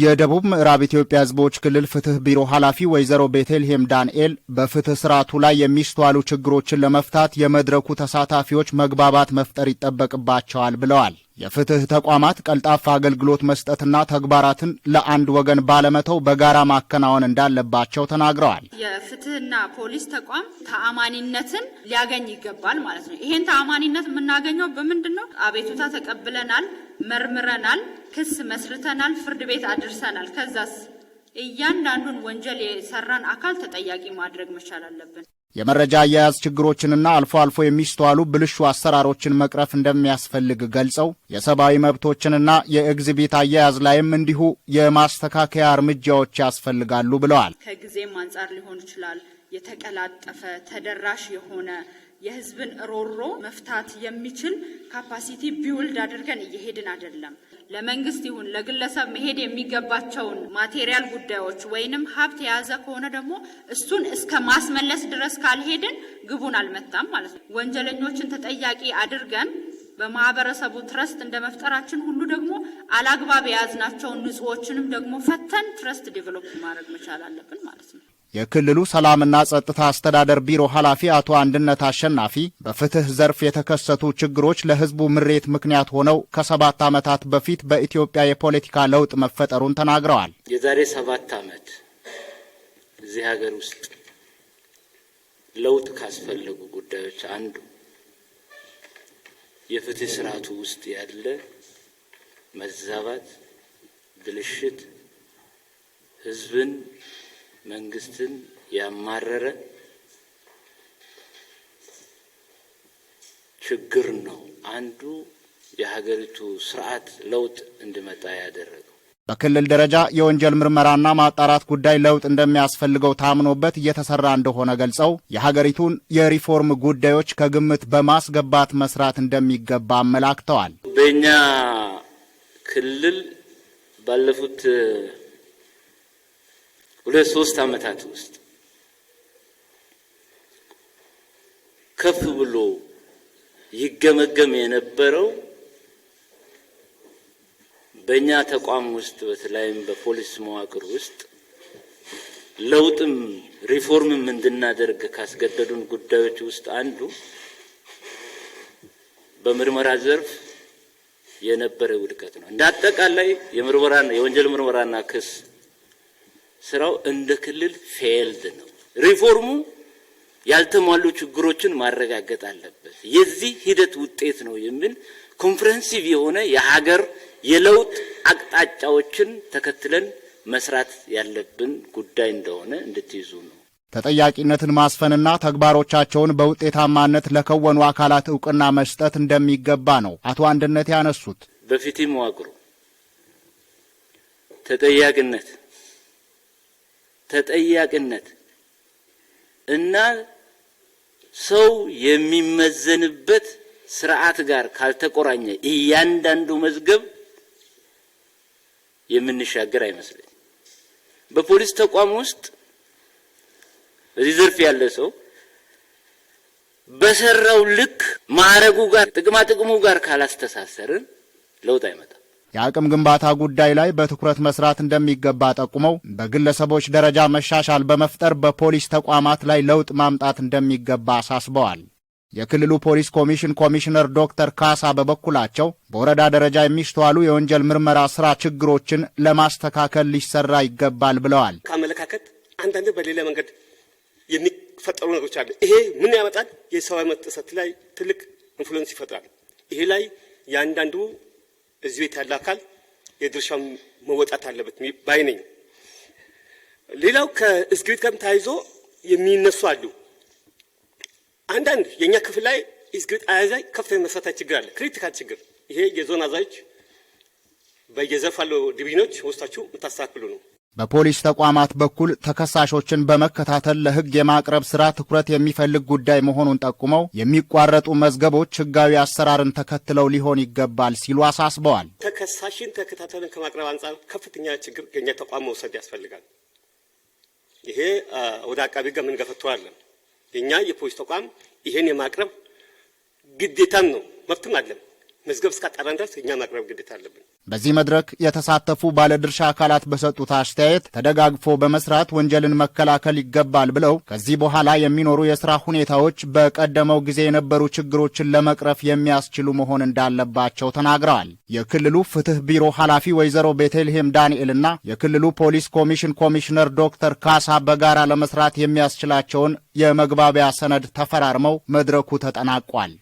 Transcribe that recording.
የደቡብ ምዕራብ ኢትዮጵያ ሕዝቦች ክልል ፍትህ ቢሮ ኃላፊ ወይዘሮ ቤተልሔም ዳንኤል በፍትህ ስርዓቱ ላይ የሚስተዋሉ ችግሮችን ለመፍታት የመድረኩ ተሳታፊዎች መግባባት መፍጠር ይጠበቅባቸዋል ብለዋል። የፍትህ ተቋማት ቀልጣፋ አገልግሎት መስጠትና ተግባራትን ለአንድ ወገን ባለመተው በጋራ ማከናወን እንዳለባቸው ተናግረዋል። የፍትህና ፖሊስ ተቋም ተአማኒነትን ሊያገኝ ይገባል ማለት ነው። ይሄን ተአማኒነት የምናገኘው በምንድን ነው? አቤቱታ ተቀብለናል፣ መርምረናል ክስ መስርተናል፣ ፍርድ ቤት አድርሰናል። ከዛስ እያንዳንዱን ወንጀል የሰራን አካል ተጠያቂ ማድረግ መቻል አለብን። የመረጃ አያያዝ ችግሮችንና አልፎ አልፎ የሚስተዋሉ ብልሹ አሰራሮችን መቅረፍ እንደሚያስፈልግ ገልጸው የሰብአዊ መብቶችንና የእግዚቢት አያያዝ ላይም እንዲሁ የማስተካከያ እርምጃዎች ያስፈልጋሉ ብለዋል። ከጊዜም አንጻር ሊሆን ይችላል የተቀላጠፈ ተደራሽ የሆነ የህዝብን ሮሮ መፍታት የሚችል ካፓሲቲ ቢውልድ አድርገን እየሄድን አይደለም። ለመንግስት ይሁን ለግለሰብ መሄድ የሚገባቸውን ማቴሪያል ጉዳዮች ወይንም ሀብት የያዘ ከሆነ ደግሞ እሱን እስከ ማስመለስ ድረስ ካልሄድን ግቡን አልመታም ማለት ነው። ወንጀለኞችን ተጠያቂ አድርገን በማህበረሰቡ ትረስት እንደ መፍጠራችን ሁሉ ደግሞ አላግባብ የያዝናቸውን ንጹዎችንም ደግሞ ፈተን ትረስት ዴቨሎፕ ማድረግ መቻል አለብን ማለት ነው። የክልሉ ሰላምና ጸጥታ አስተዳደር ቢሮ ኃላፊ አቶ አንድነት አሸናፊ በፍትህ ዘርፍ የተከሰቱ ችግሮች ለህዝቡ ምሬት ምክንያት ሆነው ከሰባት ዓመታት በፊት በኢትዮጵያ የፖለቲካ ለውጥ መፈጠሩን ተናግረዋል። የዛሬ ሰባት ዓመት እዚህ ሀገር ውስጥ ለውጥ ካስፈለጉ ጉዳዮች አንዱ የፍትህ ስርዓቱ ውስጥ ያለ መዛባት፣ ብልሽት፣ ህዝብን። መንግስትን ያማረረ ችግር ነው አንዱ የሀገሪቱ ስርዓት ለውጥ እንዲመጣ ያደረገው። በክልል ደረጃ የወንጀል ምርመራና ማጣራት ጉዳይ ለውጥ እንደሚያስፈልገው ታምኖበት እየተሰራ እንደሆነ ገልጸው የሀገሪቱን የሪፎርም ጉዳዮች ከግምት በማስገባት መስራት እንደሚገባ አመላክተዋል። በእኛ ክልል ባለፉት ሁለት ሶስት ዓመታት ውስጥ ከፍ ብሎ ይገመገም የነበረው በእኛ ተቋም ውስጥ በተለይም በፖሊስ መዋቅር ውስጥ ለውጥም ሪፎርምም እንድናደርግ ካስገደዱን ጉዳዮች ውስጥ አንዱ በምርመራ ዘርፍ የነበረ ውድቀት ነው። እንደ አጠቃላይ የወንጀል ምርመራና ክስ ስራው እንደ ክልል ፌልድ ነው። ሪፎርሙ ያልተሟሉ ችግሮችን ማረጋገጥ አለበት። የዚህ ሂደት ውጤት ነው የሚል ኮንፍረንሲቭ የሆነ የሀገር የለውጥ አቅጣጫዎችን ተከትለን መስራት ያለብን ጉዳይ እንደሆነ እንድትይዙ ነው። ተጠያቂነትን ማስፈንና ተግባሮቻቸውን በውጤታማነት ለከወኑ አካላት እውቅና መስጠት እንደሚገባ ነው አቶ አንድነት ያነሱት። በፊት መዋቅሩ ተጠያቂነት ተጠያቂነት እና ሰው የሚመዘንበት ስርዓት ጋር ካልተቆራኘ እያንዳንዱ መዝገብ የምንሻገር አይመስለኝ። በፖሊስ ተቋም ውስጥ በዚህ ዘርፍ ያለ ሰው በሰራው ልክ ማዕረጉ ጋር ጥቅማ ጥቅሙ ጋር ካላስተሳሰርን ለውጥ አይመጣም። የአቅም ግንባታ ጉዳይ ላይ በትኩረት መስራት እንደሚገባ ጠቁመው በግለሰቦች ደረጃ መሻሻል በመፍጠር በፖሊስ ተቋማት ላይ ለውጥ ማምጣት እንደሚገባ አሳስበዋል። የክልሉ ፖሊስ ኮሚሽን ኮሚሽነር ዶክተር ካሳ በበኩላቸው በወረዳ ደረጃ የሚስተዋሉ የወንጀል ምርመራ ስራ ችግሮችን ለማስተካከል ሊሰራ ይገባል ብለዋል። ከአመለካከት አንዳንድ በሌላ መንገድ የሚፈጠሩ ነገሮች አሉ። ይሄ ምን ያመጣል? የሰብአዊ መብት ጥሰት ላይ ትልቅ ኢንፍሉዌንስ ይፈጥራል። ይሄ ላይ የአንዳንዱ እዚህ ቤት ያለ አካል የድርሻውን መወጣት አለበት ባይ ነኝ። ሌላው ከእዝግቤት ጋርም ተያይዞ የሚነሱ አሉ። አንዳንድ የእኛ ክፍል ላይ እዝግቤት አያያዝ ላይ ከፍተኛ መሰረታዊ ችግር አለ፣ ክሪቲካል ችግር። ይሄ የዞን አዛዥ በየዘርፍ ያለው ዲቪዥኖች ወስታችሁ የምታስተካክሉ ነው። በፖሊስ ተቋማት በኩል ተከሳሾችን በመከታተል ለሕግ የማቅረብ ሥራ ትኩረት የሚፈልግ ጉዳይ መሆኑን ጠቁመው የሚቋረጡ መዝገቦች ሕጋዊ አሰራርን ተከትለው ሊሆን ይገባል ሲሉ አሳስበዋል። ተከሳሽን ተከታተልን ከማቅረብ አንጻር ከፍተኛ ችግር የኛ ተቋም መውሰድ ያስፈልጋል። ይሄ ወደ አቃቢ ሕግ የምንገፈቱ የእኛ የፖሊስ ተቋም ይሄን የማቅረብ ግዴታም ነው መብትም አለም መዝገብ እስካጣራን ድረስ እኛ ማቅረብ ግዴታ አለብን። በዚህ መድረክ የተሳተፉ ባለድርሻ አካላት በሰጡት አስተያየት ተደጋግፎ በመስራት ወንጀልን መከላከል ይገባል ብለው ከዚህ በኋላ የሚኖሩ የስራ ሁኔታዎች በቀደመው ጊዜ የነበሩ ችግሮችን ለመቅረፍ የሚያስችሉ መሆን እንዳለባቸው ተናግረዋል። የክልሉ ፍትህ ቢሮ ኃላፊ ወይዘሮ ቤተልሔም ዳንኤልና የክልሉ ፖሊስ ኮሚሽን ኮሚሽነር ዶክተር ካሳ በጋራ ለመስራት የሚያስችላቸውን የመግባቢያ ሰነድ ተፈራርመው መድረኩ ተጠናቋል።